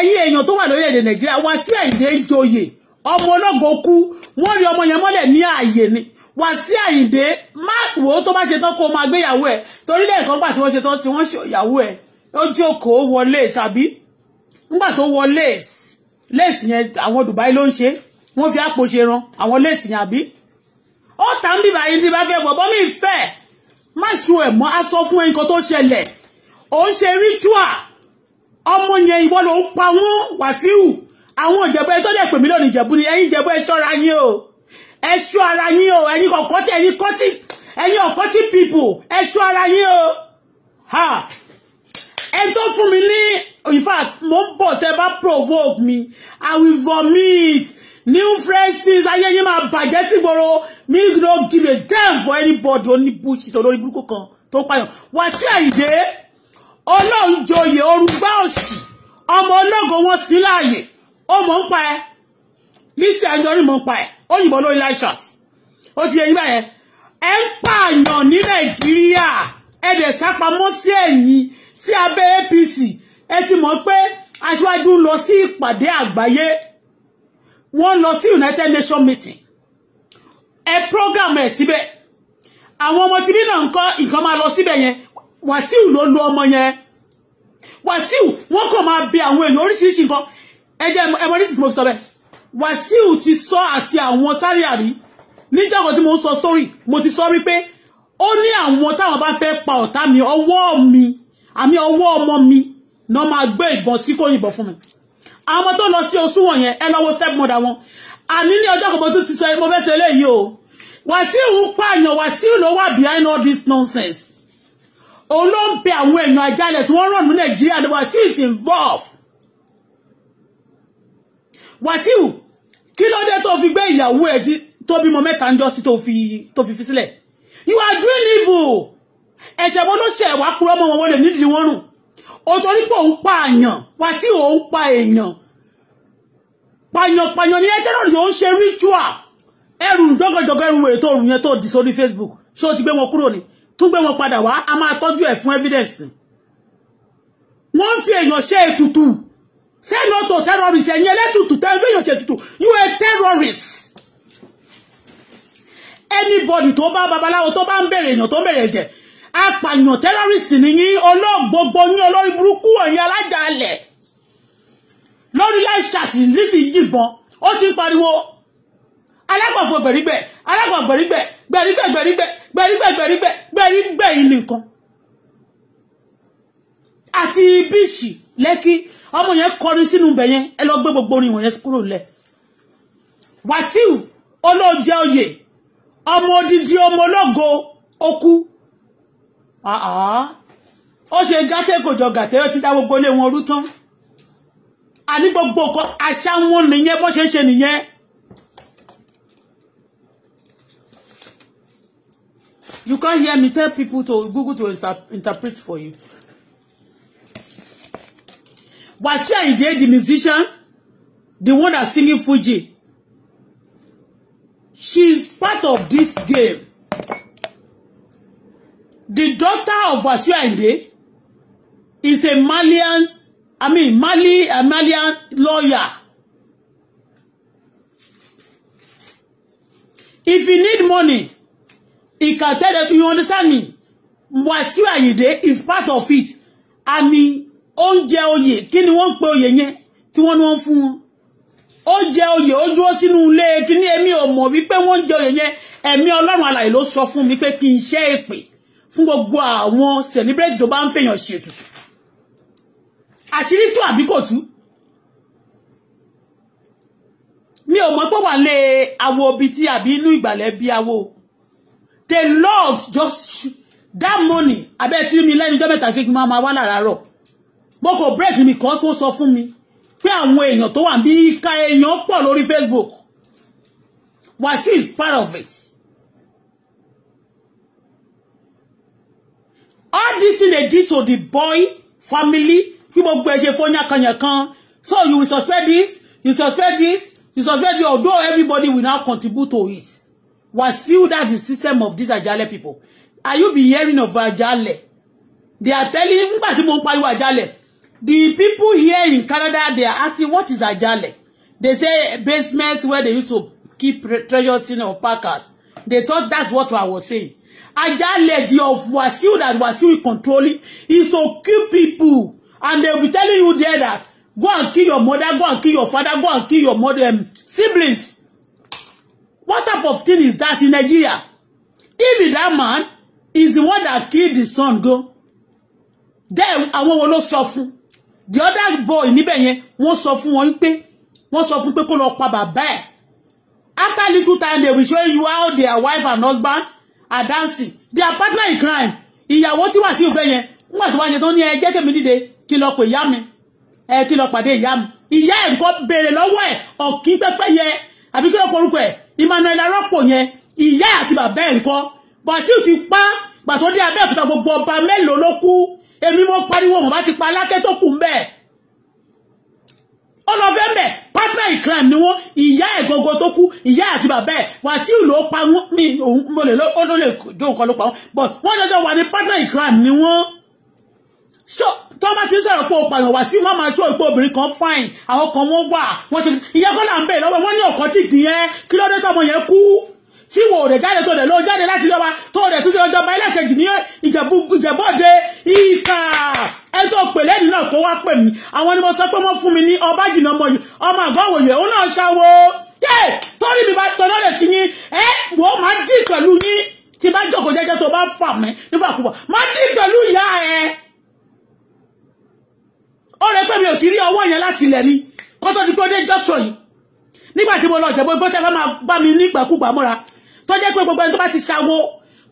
ẹ̀yin èèyàn tó wà lórílẹ̀-èdè nàìjíríà Wasiu Àyìndé joyè ọmọ ológo kú wọ́n rí ọmọ yẹn mọ́lẹ̀ ní ààyè ni Wasiu Àyìndé má wò ó tó bá ṣe tán kó máa gbéyàwó ẹ̀ torílẹ̀ ẹ̀kan gbà tí wọ́n ṣe tán tí wọ́n ṣe ìyàwó ẹ̀ ó jókòó wọ lace àbí nígbà tó wọ lace lace yẹn àwọn Dubai ló ń ṣe wọ́n fi àpò ṣe ran àwọn lace yẹn àbí ó tà ń bíbá yìí tí bá fẹ́ gbọ́bọ́ mi fẹ́ má ṣu ẹ̀ mọ́ aṣọ fún ẹnìkan tó ṣẹlẹ̀ òun ṣe ritual ọmọ yẹn ìwọ ló ń pa wọ́n Wàsíù àwọn ìjẹ̀bú ẹ tó dẹ̀ pèmí lónìí ìjẹ̀bú ni ẹ̀yin ìjẹ̀bú ẹ ṣọ́ra yín o ẹ ṣọ́ ara yín o ẹ̀yin ọ̀kọ́ tí ẹ̀yin kọ́ tí ẹ̀yin ọ̀kọ́ tí people ẹ ṣọ́ ara yín o ha ẹ tó fún mi ní in fact mo ń bọ̀ tẹ́ bá provoke mi I will vomit new phrases ayé yín máa bàjẹ́ sí gbòòrò mi no give a damn for anybody oní bullshit olórí burúkú kan tó ń pààyàn Wàsíù Àyìndé ọlọ́run joyè orúgbá òsì ọmọ ológo wọn sí láàyè ó mọ̀ ń pa ẹ́ Lizzy Anjorin mọ̀ ń pa ẹ́ ó yìnbọn lórí live shot ó ti yẹ yín báyẹn ẹ ń pààyàn ní Nàìjíríà ẹ dẹ̀ sápamọ́ sí ẹ̀yìn sí abẹ́ APC ẹ ti mọ̀ pé aṣáájú ń lọ sí ìpàdé àgbáyé wọ́n lọ sí United Nations meeting ẹ program ẹ̀ síbẹ̀ àwọn ọmọ tìbí náà ń kọ́ nǹkan máa lọ síbẹ̀ yẹn Wàsíù ló lu ọmọ yẹn Wàsíù wọ́n kàn máa bẹ àwọn èèyàn oríṣiríṣi nǹkan ẹjẹ ẹmọ ní tìtìmọ̀ sọ bẹ́ẹ̀ Wàsíù ti sọ àti àwọn sáré àrí níjàkọ̀ tí mo ń sọ story mo ti sọ wípé ó ní àwọn táwọn bá fẹ́ pa ọ̀tá mi ọwọ́ mi àmì ọwọ́ ọmọ mi náà máa gbé ìbọn sí kó yìnbọn fún mi àwọn tó lọ sí oṣù wọ̀nyẹn ẹ lọ́wọ́ step mother wọn àní ní ọjọ́ kan mo tún ti sọ mo fẹ́ sọ eléyìí o Wàsíù pààyàn Wàsíù ló wà behind all this nonsense òun ló ń bẹ àwọn èèyàn àjálẹ̀ tí wọ́n ràn ní nàìjíríà ní Wàsíù is involved Wàsíù kí ló dé tó fi gbé ìyàwó ẹ̀ tó bímọ mẹ́ta ń jọ sí tó fi fi sílẹ̀ you are doing evil ẹ̀ṣẹ̀ wọn ló ṣẹ̀ wá kúrọ́ mọ́ wọn wọlé nídìí wọn rùn òtòrí pé òun pa àyàn Wàsíù òun pa èèyàn pàyànpàyàn ni ẹjẹ́ náà yóò ń ṣe ritual ẹrù jọgọjọgọ ẹrù wèrè tó rù yẹn tó dì sórí Facebook ṣé o ti gbé wọn kúrò ni tún gbé wọn padà wá a máa tọ́jú ẹ̀ fún evidence ni wọ́n ń fi èèyàn ṣe ètùtù say no to terrorist ẹ̀yin ẹlẹ́tùtù tẹ́ fi èèyàn ṣe ètùtù you a terrorist anybody tó bá babaláwo tó bá ń bèrè èèyàn tó ń bèrè ẹ̀jẹ̀ apàyàn terrorist ni yín olóògbogbo yín olórí burúkú ẹ̀yin alájàálẹ̀ lórí láìsàtì nífi yìnbọn ó ti ń pariwo alágbọ̀nfọ̀ gbẹ̀rígbẹ̀ alágbọ̀n gbẹ̀rígbẹ̀ gbẹ̀rígbẹ̀ gbẹ̀rígbẹ̀ gbẹ̀rígbẹ̀ gbẹ̀rígbẹ̀ gbẹ̀rígbẹ̀ yìí nìkan àti bíìsì lẹ́kí ọmọ yẹn kọrin sínú ibẹ̀ yẹn ẹ lọ gbé gbogbo orin wọ̀nyẹn kúrò lẹ̀ Wàsíù olóòjẹ oyè ọmọ odidi ọmọ ológo okú ó ṣe gàtẹ́ kò jọ gàtẹ́ ó ti dá gbogbo ilé wọn rú tán àní gbogbo àṣà wọn nìyẹn bó ṣe ń ṣe nìyẹn You can't hear me tell people to Google to interpret for you. Wasiu Ayinde, the musician, the one that's singing Fuji, she's part of this game. The daughter of Wasiu Ayinde is a Malian, I mean, Mali, a Malian lawyer. If you need money, He can tell them, you understand me? Wasiu Ayinde is part of it. Àmì oúnjẹ oyè kí ni wọ́n ń pe oyè yẹn tí wọ́n ní wọ́n fún wọn. Oúnjẹ oyè ó dúró sínú ilé kíní èmi ò mọ̀ wípé wọ́n ń jẹ oyè yẹn. Ẹ̀mí Ọlọ́run alàyè ló sọ fún mi pé kí n ṣe èpè fún gbogbo àwọn celebrate tó bá ń fèèyàn ṣètùtù. Àṣírí tú àbí kò tú? Mi ò mọ̀ pé wà lé awo obi tí àbí inú ìgbàlẹ̀ bí awo the lord just that money abẹ́ tí mi lẹ́nu jọ́ mẹ́ta kékeré máa ma wá làárọ̀ mo kò break mi kọ́ sọ sọ fún mi pé àwọn èèyàn tó wà bí ká èèyàn pọ̀ lórí facebook wàsí is part of it. all this thing they did to the boy family bí gbogbo ẹ ṣe fọ́ yánkanyankan so you will suspect this you suspect this you suspect this although everybody will now contribute to it. Wasiu, that the system of these Ajale people. Are you be hearing of Ajale? They are telling nígbà tí Ajale. The people here in Canada, they are asking, what is Ajale? They say basement where they used to keep treasures in or packers. They thought that's what I was saying. Ajale, the of Wasiu that Wasiu is controlling, is to kill people. And they'll be telling you there that, go and kill your mother, go and kill your father, go and kill your mother, um, siblings. What type of thing is that in Nigeria? If that man is the one that killed his son go, then àwọn wo ló sọ fún. The other boy Nibenye, yẹn suffer, sọ pay, wọn suffer. wọ́n sọ fún pé kó lọ pa little time they will show you how their wife and husband are dancing. Their partner in crime. Ìyàwó tí wà sí ìfẹ́ yẹn nígbà tó wá ṣe tó ní ẹ jẹ́ kèmí dìde kí lọ pè ìyá mi ẹ kí lọ pàdé ìyá mi. Ìyá ẹ̀ nǹkan béèrè lọ́wọ́ ẹ̀ ọ̀kí pẹ́pẹ́ yẹ àbí kí lọ porúkọ ẹ̀ Emmanuel Arọ́pò yẹn ìyá àti bàbá ẹ̀ ńkọ́ Wàsíù ti pa pàtó dé Abẹ́òkúta gbogbo ọba mélòó ló kú èmi mo pariwo mo bá ti pa Aláké tó kù mbẹ́ẹ̀ ó lọ fẹ́ mbẹ̀ partner in crime ni wọ́n ìyá ẹ̀ gọ́gọ́ tó kú ìyá àti bàbá ẹ̀ Wàsíù ló pa wọ́n mi òun mo lè ló lè jó nǹkan ló pa wọ́n but wọ́n jọjọ wà ní partner in crime ni wọ́n so tó bá ti ń sọ̀rọ̀ pé o pààyàn wá sí wọ́n máa ṣó ìpò obìnrin kan fine àwọn kan wọ́n wà wọ́n ṣe ìyẹn kọ́ là ń bẹ̀ lọ́wọ́ wọ́n ní de dìdì yẹn kí ló dé tọmọ yẹn kú tí wò rẹ̀ jáde tó rẹ̀ ló jáde láti lọ́ba tó rẹ̀ tún ṣe ọjọ́ba ẹlẹ́kẹ̀jì ní ìjẹ̀bọ́dé ìkà ẹ tó pè lẹ́nu náà kó wá pè mí àwọn ni mo sọ pé wọ́n fún mi ní ọba jìnnà ọmọ yìí ọmọ àgọ́wòye òun náà ṣàwò torí mi bá tọ́nà rẹ̀ sí yín ẹ wò má dì pẹ̀lú yín tí bá jókòó jẹ́jẹ́ tó bá fà mí nífàkúfà má dì pẹ̀lú ìyá ẹ̀ ó rẹ pé mi ò ti rí ọwọ́ yẹn láti ilẹ̀ ni kó tó ti pé ó dé junction yìí nígbà tí mo lọ jẹ́ gbogbo tẹ́ bá máa bá mi nígbàkúgbà mọ́ra tó jẹ́ pé gbogbo ẹni tó bá ti ṣàwo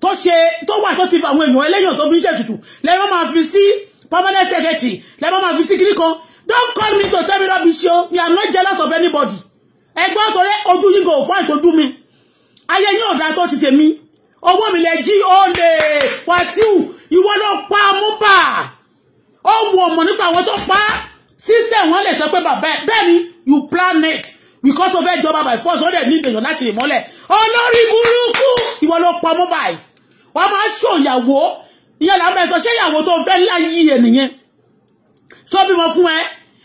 tó ṣe tó wà tó ti fa àwọn èèyàn ẹlẹ́yìn tó fi ń ṣètùtù lẹ́yìn máa fi sí permanent secretary lẹ́yìn máa fi sí kiri kan don't call me to tell me rubbish o mi am not jealous of anybody ẹgbẹ́ ọ̀tọ̀rẹ́ ojú yín kò fọ́ ìtọ́jú mi ayé yín ọ̀dà tó ti tèmi owó mi lẹ jí ó lè Wàsíù ìwọ ló pa Mohbad ó wu ọmọ nípa àwọn tó pa á system wọn lè sọ pé bàbá ẹ bẹ́ẹ̀ ni you plan it because of ẹjọba by force ó dẹ̀ ní ìgbèyàn láti ìmọ́lẹ̀ olórí burúkú ìwọ ló pa mọ́ báyìí wọ́n máa ṣòyàwó ìyẹn làwọn ẹ̀sọ́ ṣé ìyàwó tó fẹ́ láyé ẹ̀ nìyẹn tó bímọ fún ẹ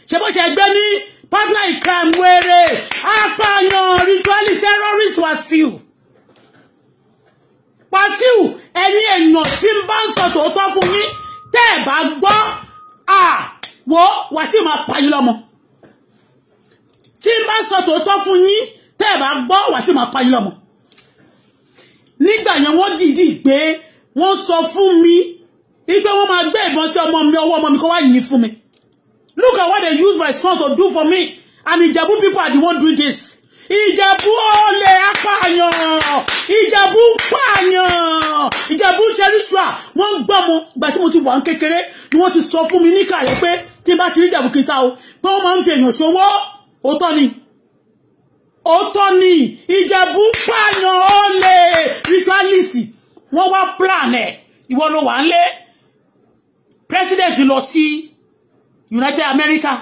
ṣe bó ṣe gbé ní partner in crime wèrè apààyàn ritually terrorist wàsíù wàsíù ẹ̀yin èèyàn tí ń bá ń sọ tòótọ́ fún mi tẹ́ ẹ̀ bá gbọ́ Ah! wo Wàsíù máa pa yín lọ́mọ tí n bá sọ tòótọ́ fún yín tẹ́ ẹ̀ bá gbọ́ Wàsíù máa pa yín lọ́mọ nígbà yẹn wọ́n dìídì pé wọ́n sọ fún mi wípé wọ́n máa gbé ìbọn sí ọmọ mi ọwọ́ ọmọ mi kó wá yìn fún mi look at what they use my son to do for me and the jabu people are the one doing this ìjẹ̀bú olè apààyàn ìjẹ̀bú pààyàn ìjẹ̀bú ṣẹ́ríṣùà wọ́n ń gbọ́mọ ìgbà tí mo ti wà ń kékeré ni wọ́n ti sọ fún mi ní kàyé pé tí n bá ti rí ìjẹ̀bú kí n sá o pé wọ́n máa ń fi èèyàn ṣòwò òótọ́ ni òótọ́ ni ìjẹ̀bú pààyàn olè ritualisi wọ́n wá plan ẹ̀ ìwọ ló wà ń lé president lọ sí United America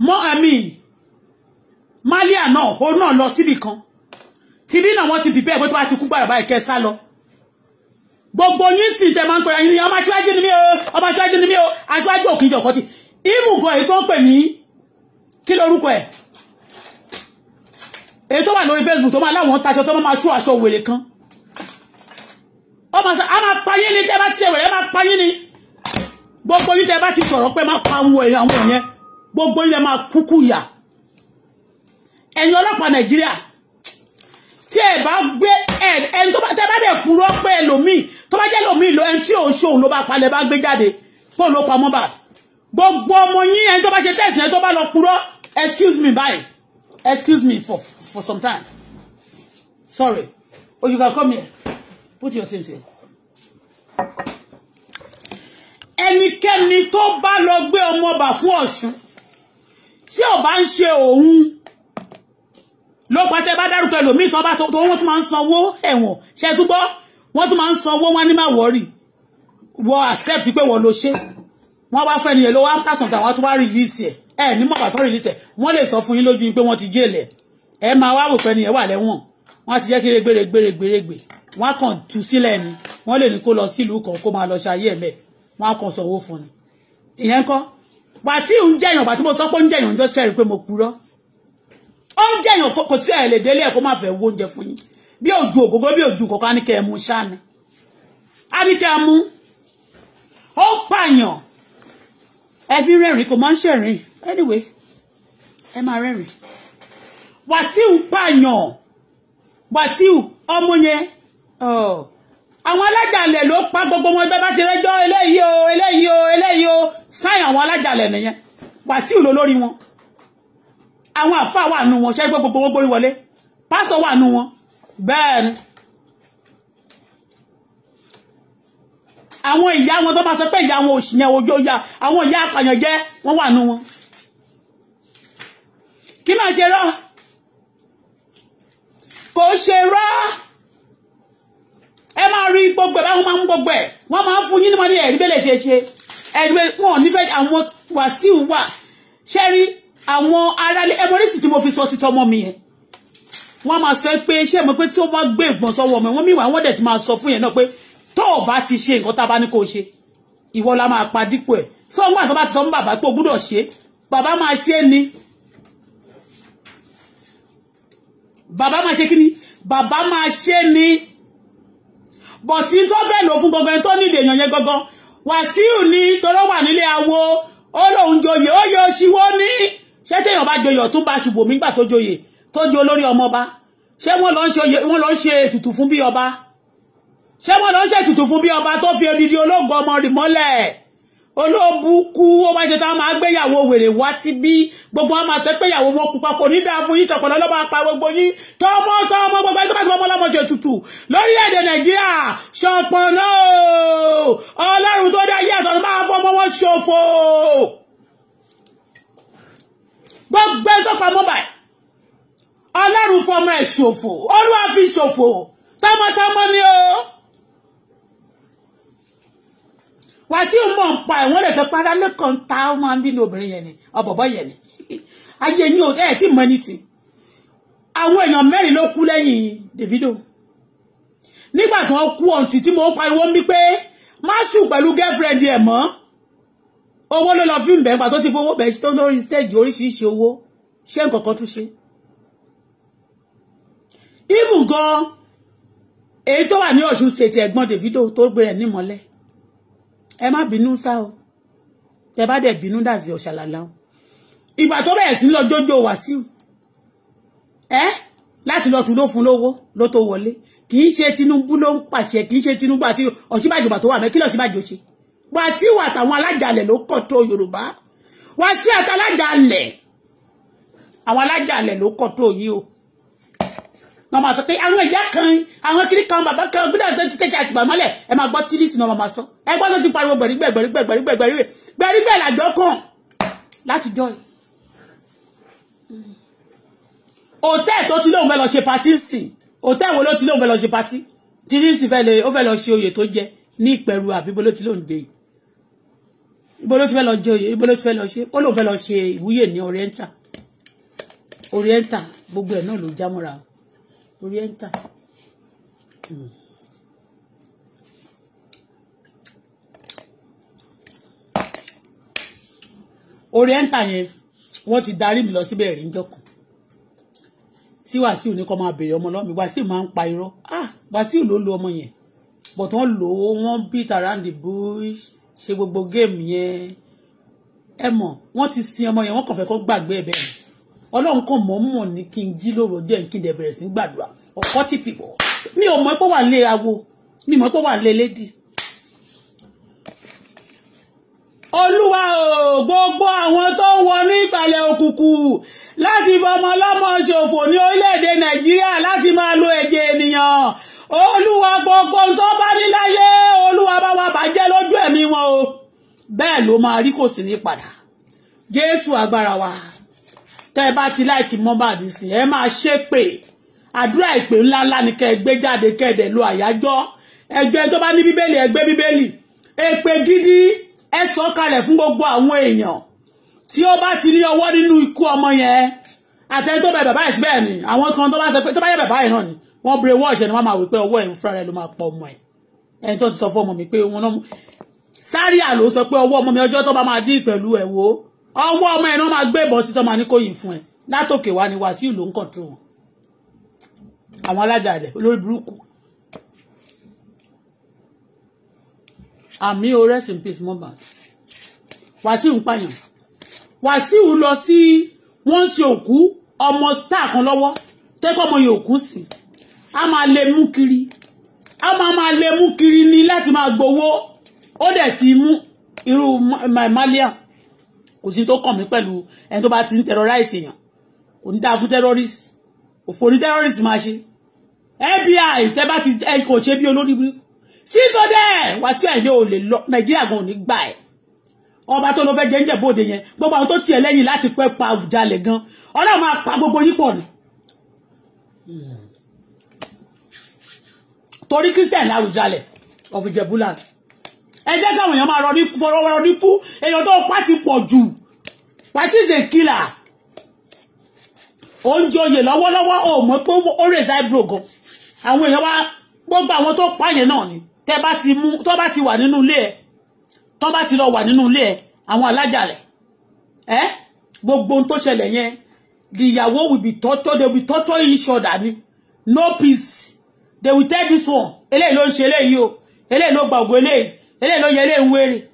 mọ́ ami, malia náà òun náà lọ síbì kan tìbí na wọ́n ti bìbẹ́ ìbò tó bá ti kú gbàrà báyìí kẹ́ sá lọ gbogbo yín sì tẹ máa ń pẹ̀lú ẹ̀yin ọmọ aṣíwájú ni mí o ọmọ aṣíwájú ni mí o aṣíwájú òkè ìjọ ọkọ ti ìmù gan èyí tó ń pè ní kí lorúkọ ẹ̀ èyí tó wà lórí Facebook tó máa láwọn taṣọ tó máa ṣú aṣọ wèrè kan ọmọ a máa pa yín ni tẹ bá ti ṣe wèrè ẹ pa yín ni gbogbo yín tẹ bá ti sọ̀rọ̀ pé máa pa àwọn èèyàn àwọn èèyàn gbogbo ilẹ̀ máa kúkú yà ẹ̀yin ọlọ́pàá nàìjíríà tí ẹ bá gbé ẹni tó bá tẹ bá dẹ̀ kúrò pé ẹlòmíì tó bá jẹ́ ẹlòmíì lọ ẹni tí òun ṣòun ló bá palẹ̀ bá gbé jáde kó ló pa Mohbad gbogbo ọmọ yín ẹni tó bá ṣe tẹ̀sí ẹni tó bá lọ kúrò excuse me bye. excuse me for for some time sorry oh you can come here put your things here ẹnikẹ́ni tó bá lọ gbé ọmọ ọba fún Ọ̀ṣun tí ò bá ń ṣe òun ló pa tẹ bá dárúkọ ẹlòmíì tó bá tó wọn tún máa ń sanwó ẹ̀wọ̀n ṣe tún gbọ́ wọn tún máa ń sanwó wọn ní má wọrí wọ accept pé wọn ló ṣe wọn wá fẹ́ nìyẹn lówó after some time wọn tún wá release ẹ ẹ ní mọ̀gbà tó release ẹ wọn lè sọ fún yín lójú pé wọn ti jẹ́lẹ̀ ẹ máa wá wò pé nìyẹn wà lẹ́wọ̀n wọn ti jẹ́ kí rẹgbẹrẹgbẹrẹgbẹ wọn kàn tú sílẹ̀ ni wọn lè ní kó lọ sílùú kan kó máa lọ ṣayé ẹ̀ mẹ́ wọn á kàn sanwó fún ni ìyẹn kọ́ Wàsíù ń jẹyàn bàtí mo sọ pé ń jẹyàn just ṣẹ́rí pé mo purọ́ ó ń jẹyàn kò sí ẹ̀ lè délé ẹ̀ kó má fẹ́ wó oúnjẹ fún yín bí òjò ògógó bí òjò kọ̀ọ̀kan á ní kẹ́ ẹ mú ṣáà ni á ní kẹ́ ẹ mú ó pààyàn ẹ fi rẹ́rìn kò máa ń ṣẹ̀rìn anyway ẹ máa rẹ́rìn Wàsíù pààyàn Wàsíù ọmọ yẹn oh, àwọn alájàlẹ̀ ló pa gbogbo wọn ẹgbẹ́ bá ti rẹ́jọ́ eléyìí o eléyìí o eléyìí o sáyìn àwọn alájàlẹ̀ nìyẹn wàsíù ló lórí wọn àwọn àfáà wà nù wọn ṣẹ́gbẹ́ gbogbo owó gbórí wọlé pásọ̀ wà nù wọn bẹ́ẹ̀ ni àwọn ìyá wọn tó bá sọ pé ìyá wọn òṣì yẹn ojú ya àwọn ìyá apàyàn jẹ́ wọ́n wà nù wọn kí máa ṣe rọ́ kò ṣe rọ́ ẹ máa rí gbogbo ẹ̀ báwọn máa ń gbogbo ẹ̀ wọ́n máa ń fún yín ní wọ́n ní ẹ̀rí bẹ́lẹ̀ ṣe ṣe ẹ̀rùwẹ̀ wọn nífẹ̀ẹ́ àwọn wàsíù wà ṣẹ́rí àwọn aráalé ẹmọrísì tí mo fi sọ títọ́ ọmọ mi yẹn wọ́n máa sọ pé ṣé mo pé tí ó bá gbé ìgbọ̀n sọ́wọ́ ọmọ wọn míwàá wọ́n dẹ̀ ti máa sọ fún yẹn náà pé tó o bá ti ṣe nǹkan tá a bá ní kó o ṣe ìwọ la máa pa dípò ẹ̀ sọ́ngbà tó bá ti sọ fún bàbá pé o gbúdọ̀ ṣe bàbá máa ṣe ni bàbá máa ṣe kí ni bàbá máa ṣe ni bọ̀tí tó fẹ́ lò fún gangan tó ní ìdèyàn yẹn gangan Wàsíù ni tọ́lọ́ wà nílé awo ó lóun joyè ó yọ ṣíwó ní ṣé téèyàn bá joyè ọ̀tún bá ṣùgbọ́n mi gbà tó joyè tó jo lórí ọmọ ọba ṣé wọ́n lọ ń ṣe ètùtù fún bí ọba ṣé wọ́n lọ ń ṣe ètùtù fún bí ọba tó fi odidi ológun ọmọ rì mọ́lẹ̀ olóbùkú ó máa ṣe tá a máa gbéyàwó wèrè wá síbí gbogbo wọn máa ṣe péyàwó wọn pupa kò ní dáa fún yín ṣọ̀pọ̀lọ́ ló máa gbogbo yín tọmọ tọmọ gbogbo ẹjọ́ bá ti ṣe tutù lórílẹ̀‐èdè nàìjíríà ṣọ̀pọ̀lọ́ ọlọ́run tó dá ayé àtọ̀run máa fọmọ wọn ṣòfò gbogbo ẹjọ́ pa mobile ọlọ́run fọmọ ẹ̀ ṣòfò olúwa fi ṣòfò tọmọtọmọ ni o. Wàsíù mọ̀ ń pa ẹ̀wọ̀n rẹ̀ sọpá rálé kan ta ó máa ń bínú obìnrin yẹn ni ọ̀bọ̀bọ̀ yẹn ni ayé yín ò dẹ́ẹ̀ tí mọ ní ti àwọn èèyàn mẹ́rin ló kú lẹ́yìn Davido nígbà tó ń kú ọ̀ǹtì tí mo pariwo ń bí pé má ṣù pẹ̀lú girlfriend ẹ̀ mọ́ owó ló lọ fi ń bẹ̀ nípa tó ti fowó bẹ̀ tó lórí stage oríṣiríṣi owó ṣé nǹkan tún ṣe even gan èyí tó wà ní Ọ̀ṣun ṣètì ẹ̀gbọ́n Davido tó gbé rẹ̀ nímọ́lẹ̀ ẹ má bínú sá o ẹ bá dẹ̀ bínú dàsí ọ̀ṣàlàlà o ìgbà tó bẹ̀rẹ̀ sí lọ jójó Wàsíù ẹ láti lọ tún ló fún lówó ló tó wọlé kì í ṣe Tinubu ló ń pàṣẹ kì í ṣe Tinubu àti Ọ̀ṣínbàjò bàtó wà mẹ́kí lọ́ṣínbàjò ṣe Wàsíù àtàwọn alájàlẹ̀ ló kọ̀ tó Yorùbá Wàsíù àtàlájàlẹ̀ àwọn alájàlẹ̀ ló kọ̀ tó yìí o náà máa sọ pé àwọn ìyá kan àwọn kiri kan bàbá kan gbọ́dọ̀ tó ti tẹ̀sẹ̀ àtìgbà mọ́lẹ̀ ẹ máa gbọ́ tírísì náà máa sọ ẹ gbọ́ tó ti pariwo gbẹ̀rígbẹ̀ gbẹ̀rígbẹ̀ gbẹ̀rígbẹ̀ gbẹ̀rígbẹ̀ làjọ kàn láti jọ yìí. hòtẹ́ẹ̀ tó ti lóun fẹ́ lọ ṣe patí sí hòtẹ́ẹ̀ wo ló ti lóun fẹ́ lọ ṣe patí tírísì fẹ́ lè ó fẹ́ lọ ṣe oyè tó jẹ ní ìpẹ̀rù àbí ibo ló ti lóun dé yìí ibo ló ti fẹ́ lọ jẹ oyè ibo ló oriental. Mm. oriental yẹn wọ́n ti darí mi lọ síbẹ̀ rí njọ́ kan tí wàsíù ní kọ́ máa bèrè ọmọ lọ́mí wàsíù máa ń pa irọ́ ah wàsíù ló lo ọmọ yẹn but wọ́n lò ó wọ́n beat around the bush ṣe gbogbo géèmù yẹn ẹ mọ̀ wọ́n ti sin ọmọ yẹn wọ́n kàn fẹ́ kó gbàgbé ẹ̀ bẹ́ẹ̀ ọlọ́run kàn mọ́ mọ̀ ní kí n jí lóru ọjọ́ kí n dẹ̀ bẹ̀rẹ̀ sí gbàdúrà ọ̀pọ̀ ti fìbọ̀ mi ò mọ̀ pé wà lé awo mi mọ̀ pé wà lé lédi. olúwa o gbogbo àwọn tó ń wọnú ìpàlẹ̀ òkùnkùn láti fọmọ ọlọ́mọ ṣòfò ní orílẹ̀-èdè nàìjíríà láti máa lo ẹ̀jẹ̀ ènìyàn olúwa gbogbo tó bá ní láyé olúwa bá wa bàjẹ́ lójú ẹ̀mí wọn o bẹ́ẹ̀ ló máa rí kò sí ní padà jésù agbára wa tẹ́ ẹ bá ti láìkì Mohbad sí ẹ máa ṣépè àdúrà ìpè ńláńlá ni kẹ́ ẹ gbé jáde kẹ́ ẹ dẹ̀ lo àyájọ́ ẹgbẹ́ tó bá ní bíbélì ẹgbẹ́ bíbélì èpè gidi ẹ sọ kalẹ̀ fún gbogbo àwọn èèyàn tí ó bá ti ní ọwọ́ nínú ikú ọmọ yẹn àtẹni tó bẹ bàbá ẹ̀ síbẹ̀ ni àwọn kan tó bá sọ pé tó bá yẹ bàbá ẹ̀ náà ni wọ́n bèrè wọ́ọ̀ṣẹ̀ ni wọ́n máa wí pé ọwọ́ ẹ̀ ń fúnra rẹ̀ ló máa pọ̀ ọmọ ẹ̀ ẹni tó ti sọ fún ọmọ mi pé wọn náà Zaria ló sọ pé ọwọ́ ọmọ mi ọjọ́ tó bá máa dín pẹ̀lú ẹ̀ wò ó ọwọ́ ọmọ ẹ̀ náà máa gbé ìbọn sí tọ́mọ aníkóyìn fún ẹ látòkè wá ni Wàsíù ló ń kọ̀ǹtró wọn àwọn alájà ilẹ̀ olórí burúkú àmì o rest in peace Mohbad Wàsíù ń pààyàn Wàsíù lọ sí wọ́n ń ṣe òkú ọmọ star kan lọ́wọ́ tẹ́kọ̀ ọmọ yìí òkú sí a máa lè mú kiri a máa máa lè mú kiri ni láti máa gbowó ó dẹ̀ ti mú irú malia kò sí tó kàn mí pẹ̀lú ẹni tó bá ti ń terrorize èèyàn kò ní dáa fún terrorist òfò ní terrorist máa ṣe FBI tẹ bá ti ẹ kò ṣe bí olórí wí sí tó dẹ Wàsíù Àyìndé ò lè lọ Nàìjíríà gan ò ní gbà ẹ ọba tó ló fẹ́ jẹ ń jẹ bóde yẹn gbogbo àwọn tó tiẹ̀ lẹ́yìn láti pẹ́ pa àwùjalẹ̀ gan Ọlọ́run máa pa gbogbo yín ni torí Christian Àwùjalẹ̀ of Ijebuland ẹ jẹ́ káwọn èèyàn máa rọrí fọwọ́ rọrí kú èèyàn tó pa ti pọ̀ jù Wasiu is a killer ó ń joyè lọ́wọ́lọ́wọ́ ò mọ̀ pé ó rè záìbùrò gan àwọn èèyàn wá gbogbo àwọn tó pa yẹn náà ni tẹ bá ti mú tó bá ti wà nínú ilé ẹ tó bá ti lọ wà nínú ilé ẹ àwọn alájàlẹ ẹ gbogbo ohun tó ṣẹlẹ̀ yẹn ìyàwó will be torture they will be torture each other ni no peace they will tell this one eléyìí ló ń ṣe eléyìí o eléyìí ló gbàgbọ́ eléyìí eléyìí ló yẹ eléyìí ń wéré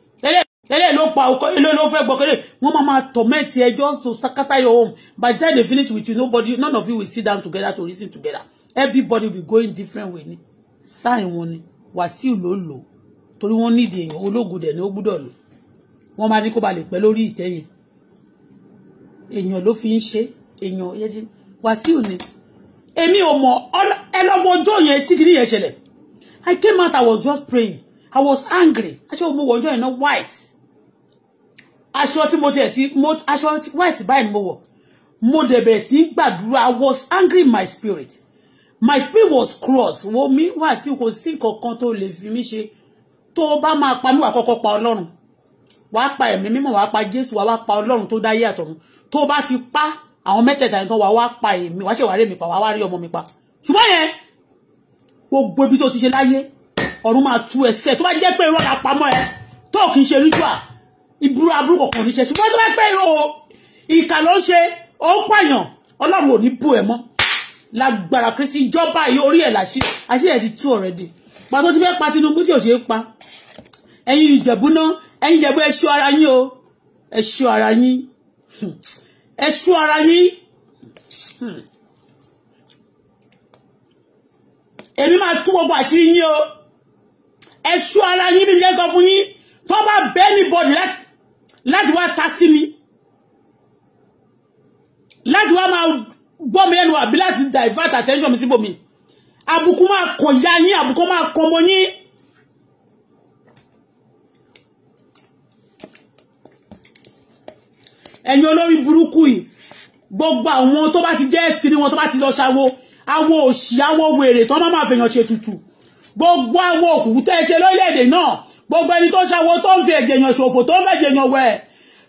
eléyìí ló pa ọkọ eléyìí ló fẹ́ gbọ́ kéré wọ́n máa máa torment ẹ just to scatter your home by the time they finish with you nobody none of you will sit down together to reason together everybody will go in different way ni sáàyìn wọn ni Wàsíù ló lò torí wọ́n nídìí èèyàn ológun dẹ̀ ni ó gbúdọ̀ lò wọ́n máa ní kó ba lè pẹ́ lórí ìtẹ́ yẹn èèyàn ló fi ń ṣe èèyàn yẹn ti Wàsíù ni èmi ò mọ̀ ẹ lọ́gbọ́n ọjọ́ yẹn tí kìíní yẹn I came out I was just praying I was angry aṣọ mo wọ ọjọ́ iná white aṣọ tí mo tiẹ̀ ti mo aṣọ white báyìí mo wọ̀ mo dẹ̀bẹ̀ sí gbàdúrà I was angry in my spirit my spirit was cross wo mi wá sí kò sí kankan tó lè fi mí ṣe tó bá máa pa mí wà kọ́kọ́ pa ọlọ́run wà á pa ẹ̀mí mímọ́ wà á pa jésù wà á pa ọlọ́run tó dáyé àtọ̀run tó bá ti pa àwọn mẹ́tẹ̀ẹ̀ta nǹkan wà á pa èmi wà á ṣèwárí mi pa wà á wá rí ọmọ mi pa ṣùgbọ́n yẹn gbogbo ibi tó ti ṣe láyé ọ̀run máa tú ẹsẹ̀ tó bá jẹ́ pé irọ́ la pamọ́ ẹ tó kì í ṣe ritual ìburú aburú kọ̀ọ̀kan ní ṣe ṣùgbọ́n tó bá pé irọ́ o ìkà ló ń ṣe ó ń pààyàn ọlọ́run ò ní bò ẹ mọ́ lágbára kristi ìjọba yìí orí ẹ̀ làṣí àṣírí ẹ̀ ti tú already pàtó ti fẹ́ pa Tinubu tí ò ṣe é pa ẹ̀yin Ìjẹ̀bú náà ẹ̀yin Ìjẹ̀bú ẹ ṣọ́ ara yín o ẹ ara yín ẹ ara yín èmi máa tú gbogbo àṣírí yín o ẹ̀ṣọ́ ara yín bí mi jẹ́ sọ fún yín tó bá bẹ́ẹ̀ ní bọ́ọ̀dì láti wá ta sí mi láti wá máa gbọ́ mi ẹnu àbí láti divert attention mi síbòmí àbùkù máa kàn ya yín àbùkù máa kàn mọ́ yín. ẹ̀yin olórí burúkú yìí gbogbo àwọn tó bá ti jẹ́ ẹ̀sìkì ni wọn tó bá ti lọ ṣàwo awo òṣì awo wèrè tó máa máa fèèyàn ṣètùtù gbogbo àwọn òkùnkùn tẹ́ ẹ ṣe lórílẹ̀‐èdè náà gbogbo ẹni tó ṣàwo tó ń fi ẹ̀jẹ̀ yàn ṣòfò tó ń fi ẹ̀jẹ̀ yàn wẹ̀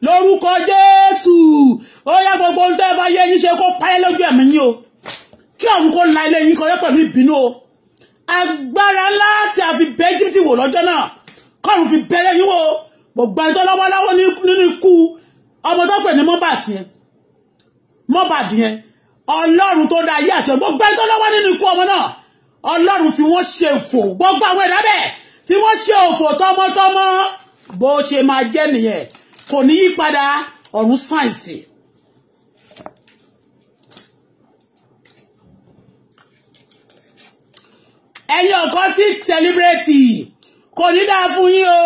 lórúkọ Jésù ó yá gbogbo ohun tẹ́ ẹ bá yẹ yín ṣe kó páyé lójú ẹ̀mí yín o kí ọ̀run kó la ilé yín kọjá pẹ̀lú ìbínú o agbára ńlá tí a fi bẹ́ Íjíbítì wò lọ́jọ́ náà kọ́run fi bẹ̀rẹ̀ yín wò gbogbo ẹni tó lọ́wọ́lọ́wọ́ nínú ikú ọmọ tó pè ní Mohbad yẹn Mohbad yẹn Ọlọ́run tó dá ayé àti gbogbo ẹni tó lọ́wọ́ nínú ikú ọmọ náà ọlọ́run fi wọ́n ṣe òfò gbogbo àwọn ẹ̀dá bẹ́ẹ̀ fi wọ́n ṣe òfò tọmọtọmọ bó ṣe máa jẹ́ nìyẹn kò ní yí ọ̀run sáyẹ̀nsì. ẹ̀yin ọ̀kọ́ tí sẹ́líbrẹ́tì kò ní dáa fún yín o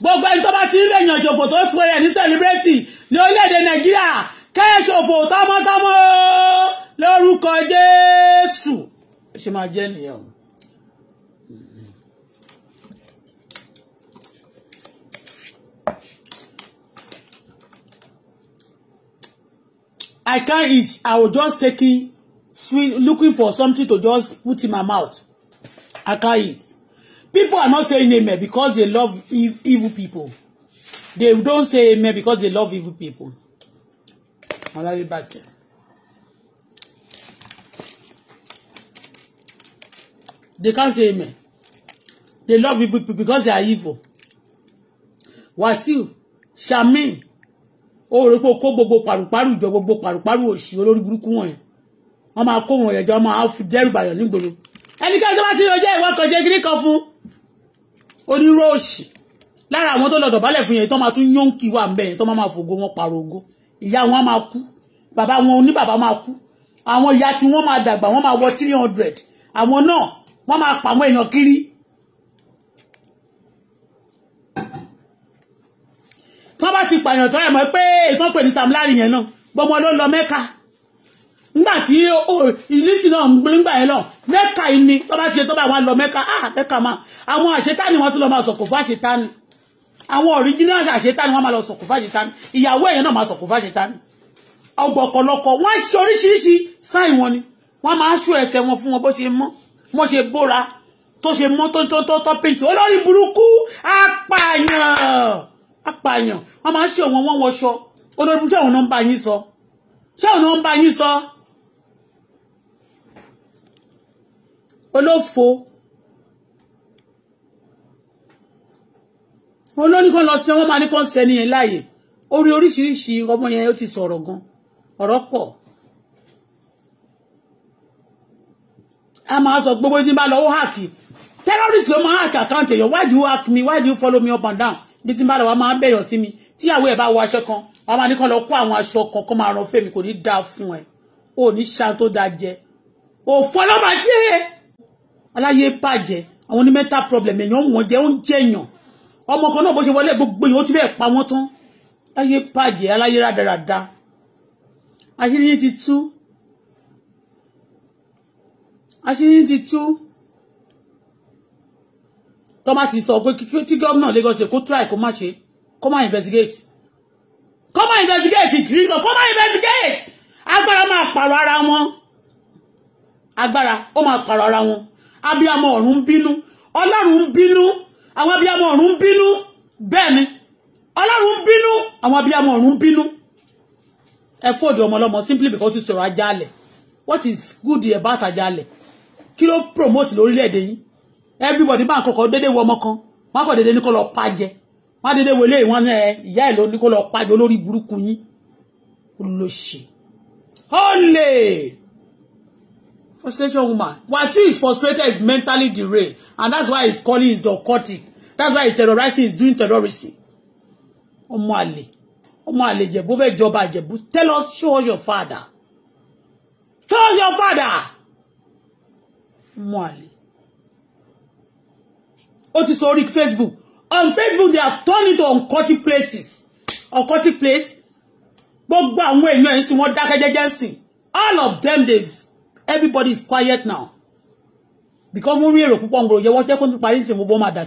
gbogbo ẹni tó bá ti ń rẹ̀yàn ṣòfò tó fún ẹ̀ ní sẹ́líbrẹ́tì ní orílẹ̀-èdè nàìjíríà kẹ́ ẹ̀ ṣòfò tọmọtọmọ o lórúkọ Jésù ṣe máa jẹ́ nìyẹn I can't eat. I was just taking sweet, looking for something to just put in my mouth. I can't eat. People are not saying amen because they love e, evil people. They don't say amen because they love evil people. I'll have you back They can't say amen. They love evil people because they are evil. Wasiu, Shamin, ó rí pé kó gbogbo pàrùpàrù paru gbogbo pàrùpàrù òsì olórí burúkú wọn yẹn wọn máa kó wọn yẹjọ máa fi dẹ́rù bàyàn nígboro ẹnikẹ́ni tó bá ti rọjọ́ ìwọ kan ṣe kíní kan fún onírò òsì lára àwọn tó lọ dọ̀bálẹ̀ fún yẹn tó máa tún yóǹkì wà ń bẹ̀ yẹn tó máa máa fògo wọn pààrọ̀ ògo ìyá wọn máa kú bàbá wọn oní bàbá máa kú àwọn ìyá tí wọ́n máa dàgbà wọ́n máa wọ three hundred àwọn náà wọ́n máa pa àwọn èèyàn kiri. tọ́ bá ti pààyàn tọ́ ẹ̀ mọ́ pé ètò pè ní Sam Larry yẹn náà gbọmọ ló lọ mẹ́ka nígbà tí ìlísì náà nígbà yẹn lọ mẹ́ka yìí ni tọ́ bá ti ṣe tọ́ bá wà lọ mẹ́ka ah mẹ́ka máa àwọn àṣetáni wọn tún lọ máa sọ̀kò fún àṣetáni àwọn originals àṣetáni wọn máa lọ sọ̀kò fún àṣetáni ìyàwó ẹ̀yẹn náà máa sọ̀kò fún àṣetáni ọgbọ̀kọ̀lọkọ̀ wọ́n ṣe oríṣiríṣi sáì wọn ni wọ́n máa ṣú ẹsẹ̀ wọn fún wọn bó ṣe mọ́ mo ṣe bóra tó ṣe mọ́ tó tó tó pèntì olórí burúkú apààyàn apààyàn wọ́n máa ń ṣe òun wọ́n wọṣọ olórí burúkú ṣé òun náà ń bá yín sọ ṣé òun náà ń bá yín sọ olófo olórí kan lọ sí wọn máa ní kàn sẹ́ni yẹn láàyè orí ti sọ̀rọ̀ gan ọ̀rọ̀ pọ̀ a máa sọ gbogbo tí n bá lọ ó hàkì terrorist ló máa hàkì àkáǹtì èèyàn why do you hack me why do you follow me up and down bí tí n bá lọ wá máa bẹ̀yọ̀ sí mi tíyàwó ẹ̀ bá wọ aṣọ kan wọ́n máa ní kán lọ kó àwọn aṣọ kan kó máa ran fèmí kò ní dáa fún ẹ̀ ò ní ṣan tó dáa jẹ òfò ló máa ṣe é aláyé bàjẹ́ àwọn ní mental problem èèyàn wọ́n jẹ́ oúnjẹ èèyàn ọmọ kan náà bó ṣe wọlé gbogbo èèyàn ó ti fẹ́ẹ̀ pa wọ́n tán aláyé bàjẹ́ aláyé rádaràda àṣírí yín ti tú àṣírí ti tú tó má ti sọ pé tí gómìnà Lagos kó try kó má ṣe kó má investigate kó má investigate drinko kó má investigate agbára máa pààrọ̀ ara wọn agbára ó máa pààrọ̀ ara wọn abiyamọ ọ̀run ń bínú ọlọ́run ń bínú àwọn abiyamọ ọ̀run ń bínú bẹ́ẹ̀ ni ọlọ́run ń bínú àwọn abiyamọ ọ̀run ń bínú ẹ fóòdù ọmọ simply because ti sọ̀rọ̀ ajálẹ̀ what is good about ajálẹ̀ kí ló promote lórílẹ̀‐èdè yìí everybody máa kọ̀kọ́ dédé wọ ọmọ kan wọ́n kọ̀ dédé ní kó lọ pàjẹ́ wọ́n dédé wọlé ìwọ̀n náà ìyá ẹ̀ ló ní kó lọ pàjẹ́ olórí burúkú yín olóṣè olè frustration woman Wasiu is frustrated is mentally derailed and that's why he's calling his occultic that's why he's terrorizing he's doing terrorism ọmọ àlè ọmọ àlè Ìjẹ̀bú fẹ́ jọba Ìjẹ̀bú tell us show us your father show us your father. Mwale. Ó ti sọ Facebook. On Facebook they have turned it to unculty places. Unculty place. Gbogbo àwọn èèyàn yìí sí wọ́n dákẹ́ All of them they've everybody is quiet now. Because wọ́n rí èrò púpọ̀ ngòrò yẹ wọ́n jẹ́ kó tún parí ìsìn gbogbo máa dà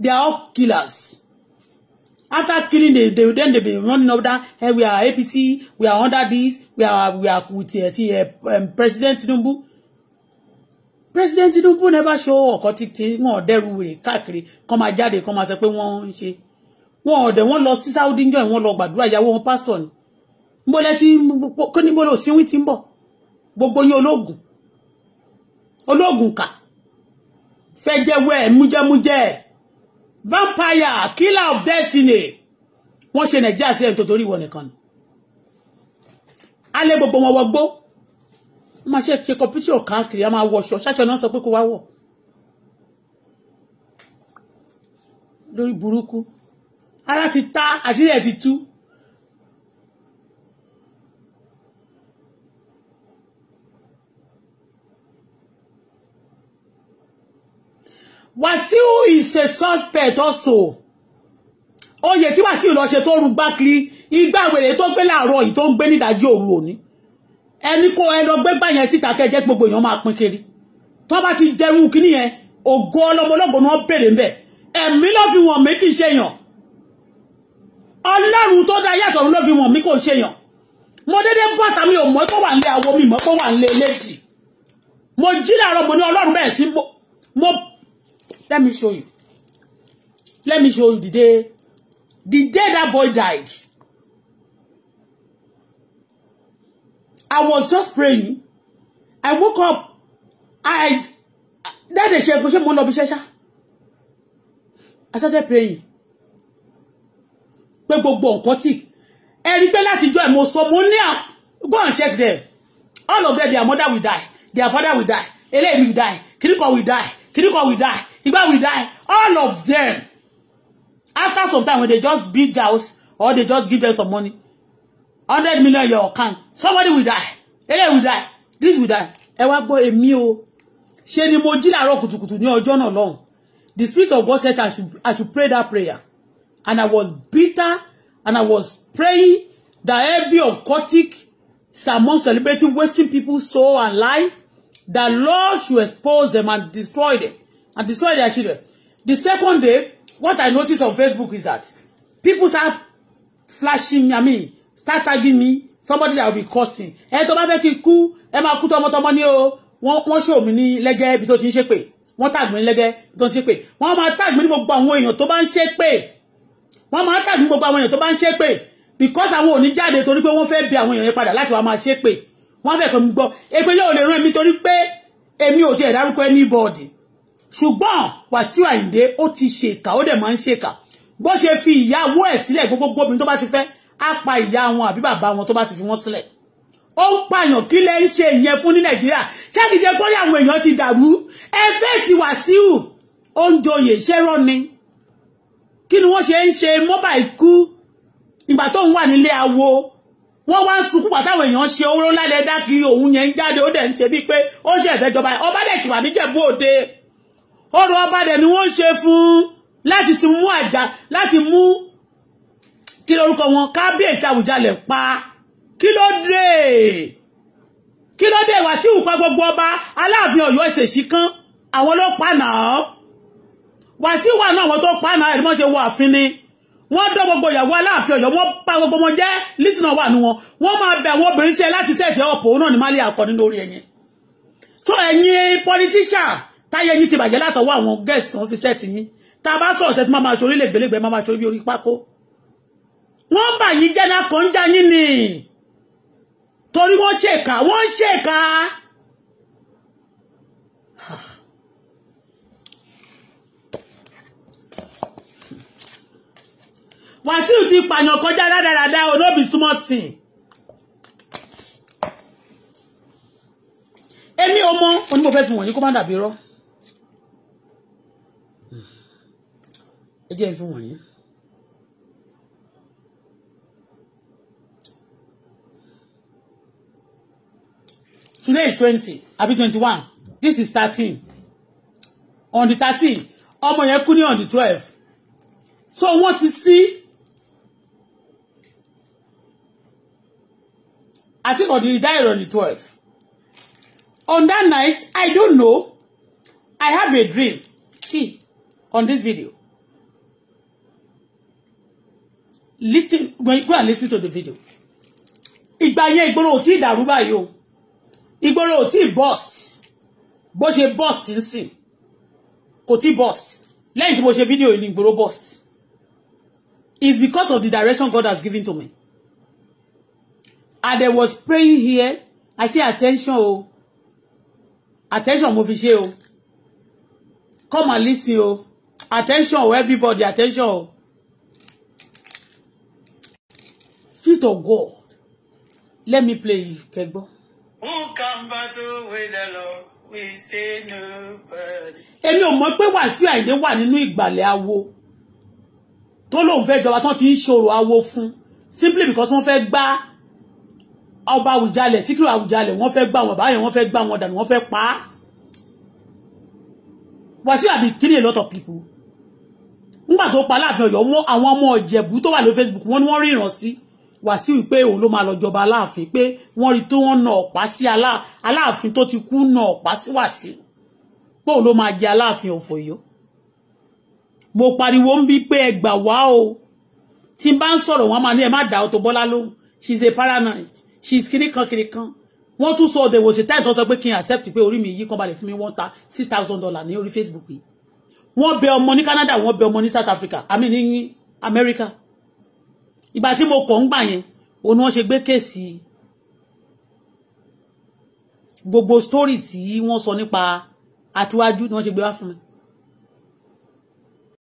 They are all killers. After killing they, they then they be running up that hey eh, we are APC, we are under this, we are we are with uh, uh, um, President Tinubu president Tinubu never show ọkọ títí wọn ò dẹrù rè káàkiri kàn máa jáde kàn máa sọ pé wọn ń ṣe wọn ò dẹ wọn lọ sí Saudi njọ wọn lọ gbàdúrà ìyàwó wọn pásítọ̀ ni mbọlẹ tí kó ní bọlẹ òsínwín ti ń bọ̀ gbogbo yín ológun ológun kà fẹjẹwẹ mújẹmújẹ vampire killer of destiny wọn ṣe Nàìjíríà sí ẹni tó torí ìwọ nìkan ni alẹ gbogbo wọn wọgbó máa ṣe ṣe kọ̀pútì ọ̀kan kiri a máa wọṣọ ṣáṣọ náà sọ pé kó wá wọ̀ lórí burúkú ara ti ta àṣírí ẹ̀ ti tú. Wàsíù is a suspect also oyè tí Wàsíù lọ ṣe tó rúgbá kiri igbá wèrè tó gbé láàárọ̀ yìí tó ń gbé nídàájọ́ òru òní ẹni kó ẹnu ọgbẹ́gbà yẹn síta kẹjẹ́ gbogbo èèyàn máa pín kiri tó bá ti jẹrú kíní yẹn ògo ọlọmọlọ́gbọ̀n ni wọ́n bèrè ńbẹ̀ ẹ̀mí ló fi wọ̀n mí kì í ṣèyàn ọlọ́run tó dá yàtọ̀ ló fi wọ̀n mí kò ṣèyàn mo dédé bàtà mi ò mọ́ tó wà nílé àwọn mi mọ́ tó wà nílé lẹ́dì mo jí làárọ̀ mo ní ọlọ́run bẹ́ẹ̀ sí mo let me show you let me show you the day the day that boy died. I was just praying. I woke up. I that day she go she mo lọ bí ṣẹṣá. I started praying. Pé gbogbo nǹkan tí ẹ rí pé láti jọ money. go and check them. All of them their mother will die, their father will die, eléyìí will die, kìnìkan will die, kìnìkan will die, Iba will die, all of them. After some time when they just build the house or they just give them some money hundred million your account somebody will die ele will die this will die ẹ wá gbọ́ èmi o ṣe ni mo jí làárọ̀ kùtùkùtù ní ọjọ́ náà lọ́hùn the spirit of God said I should, I should pray that prayer and I was bitter and I was praying that every occultic sermon celebrating wasting people's soul and life that Lord should expose them and destroy them and destroy their children. The second day, what I noticed on Facebook is that people start flashing, I mean, start tagging me somebody that will be cursing ẹ tó bá fẹ́ kí n kú ẹ máa kú tọmọtọmọ ní o wọ́n ṣò mí ní lẹ́gẹ́ ibi tó ti ń ṣe pé wọ́n tag mi ní lẹ́gẹ́ ibi tó ti ń ṣe pé tag mi ní gbogbo àwọn èèyàn tó bá ń ṣe pé wọ́n tag mi ní gbogbo àwọn èèyàn tó bá ń ṣe because àwọn ò ní jáde torí pé wọ́n fẹ́ bí àwọn èèyàn yẹn padà láti wá máa ṣe pé wọ́n fẹ́ kàn mí gbọ́ èpè yóò lè rán mi torí pé èmi ò tiẹ̀ dárúkọ anybody ṣùgbọ́n Wàsíù Àyìndé ó ti ṣèkà ó dẹ̀ máa ń ṣèkà bó ṣe fi ìyàwó ẹ̀ sílẹ̀ gbogbogbò mi tó bá ti fẹ́ á pa ìyá wọn àbí bàbá wọn tó bá ti fi wọ́n sílẹ̀ ó ń pààyàn kí lẹ́ ń ṣe ìyẹn fún ní nàìjíríà ṣé kìí ṣe kórè àwọn èèyàn ti dàrú ẹ fèsì Wàsíù ó ń joyè ṣẹ́rọ́ ni kí ni wọ́n ṣe ń ṣe mọ́bà ikú ìgbà tó ń wà nílé awo wọ́n wá ń sunkún pàtàwọn èèyàn ṣe owó lálẹ́ dákìrí òun yẹn ń jáde ó dẹ̀ ń ṣe bíi pé ó ṣe ẹ̀fẹ́ jọba ọba dẹ̀ ṣì wà níjẹ̀bú òde ọrọ̀ ọba dẹ̀ ni wọ́n ń ṣe fún láti ti mú àjà láti mú kí lórúkọ wọn kábíyèsí àwùjalẹ̀ pa kí ló dé kí ló dé Wàsíù pa gbogbo ọba aláàfin Ọ̀yọ́ ìṣèṣì kan àwọn ló pa náà Wàsíù wà náà wọn tó pa náà ẹni wọn ṣe wọ àfin ni wọ́n dọ́ gbogbo ìyàwó aláàfin Ọ̀yọ́ wọ́n pa gbogbo wọn jẹ́ lísìnà wà nú wọn wọ́n máa bẹ̀ àwọn obìnrin sí ẹ láti sẹẹtì ọ̀pọ̀ òun náà ní málẹ àkọni lórí ẹyẹn so ẹ̀yin pọlitíṣà táyé yín ti bàjẹ́ látọwọ́ àwọn guest tó ń fi sẹẹtì yín tá a bá sọ̀rọ̀ tẹ́tí máa ma ṣorí lè gbélégbé máa ma ṣorí bí orí pákó wọ́n ń bà yín jẹ́ náà kàn ń já yín ni torí wọ́n ṣèkà wọ́n ṣèkà. Wàsíù ti pààyàn kọjá rádaràda olóbi súnmọ́ tì. Èmi ò mọ̀ oní mo fẹ́ sun wọ̀nyí kó má dàbí rọ́. Ẹ jẹ́ ìfún wọ̀nyí. today is twenty àbí twenty one this is thirteen on the thirteen ọmọ yẹn kú ní on the twelve so wọ́n ti sí I think Odiri died on the twelve on that night I don't know I have a dream see on this video listen when go and listen to the video ìgbà yẹn ìgboro ò tí ì dàrú báyìí o. Ìgboro ò tí burst bó ṣe burst ń sìn kò tí burst lẹ́yìn tí mo ṣe fídíò ìlú Ìgboro burst it's because of the direction God has given to me and I was praying here I say attention o attention mo fi ṣe o come and listen o attention o everybody attention o Spirit of God let me play you who can battle with the Lord? We say nobody. Èmi ò mọ̀ pé Wàsíù Àyìndé wà nínú ìgbàlẹ̀ awo tó lóun fẹ́ jọba tán ti ń ṣòro awo fún simply because wọ́n fẹ́ gbá ọba Àwùjalẹ̀ síkírò Àwùjalẹ̀ wọ́n fẹ́ gbá wọn báyẹn wọ́n fẹ́ gbá wọn dànù wọ́n fẹ́ pa á. Wàsíù àbí killing a lot of people. Nígbà tó pa Aláàfin Ọ̀yọ́ wọn àwọn ọmọ Ìjẹ̀bú tó wà lórí Facebook wọn ni wọ́n ríran sí. Si Wàsíù pé òun ló máa lọ jọba aláàfin pé wọ́n rí tó wọ́n na ọ̀pá sí aláàfin tó ti kú na ọ̀pá sí Wàsíù pé òun ló máa jẹ aláàfin òfò yó mo pariwo ń bí pé ẹ gbà wá o tí n bá ń sọ̀rọ̀ wọ́n máa ní ẹ má dá Auto Bola lóhùn she is a paranoid she is kìnìkan kìnìkan wọ́n tún sọ ọ̀dẹ̀ wòsàn táì tó sọ pé kí n accept pé orí mi yìí kan balẹ̀ fún mi wọ́n ta six thousand dollars ní orí Facebook yìí wọ́n bẹ ọmọ ní Canada wọ́n bẹ ọmọ ní South Africa I mean ní America ìgbà tí mo kọ̀ ń gbà yẹn òun ni wọ́n ṣe gbé kéèsì gbogbo story tí wọ́n sọ nípa àtiwájú ni wọ́n ṣe gbé wá fún mi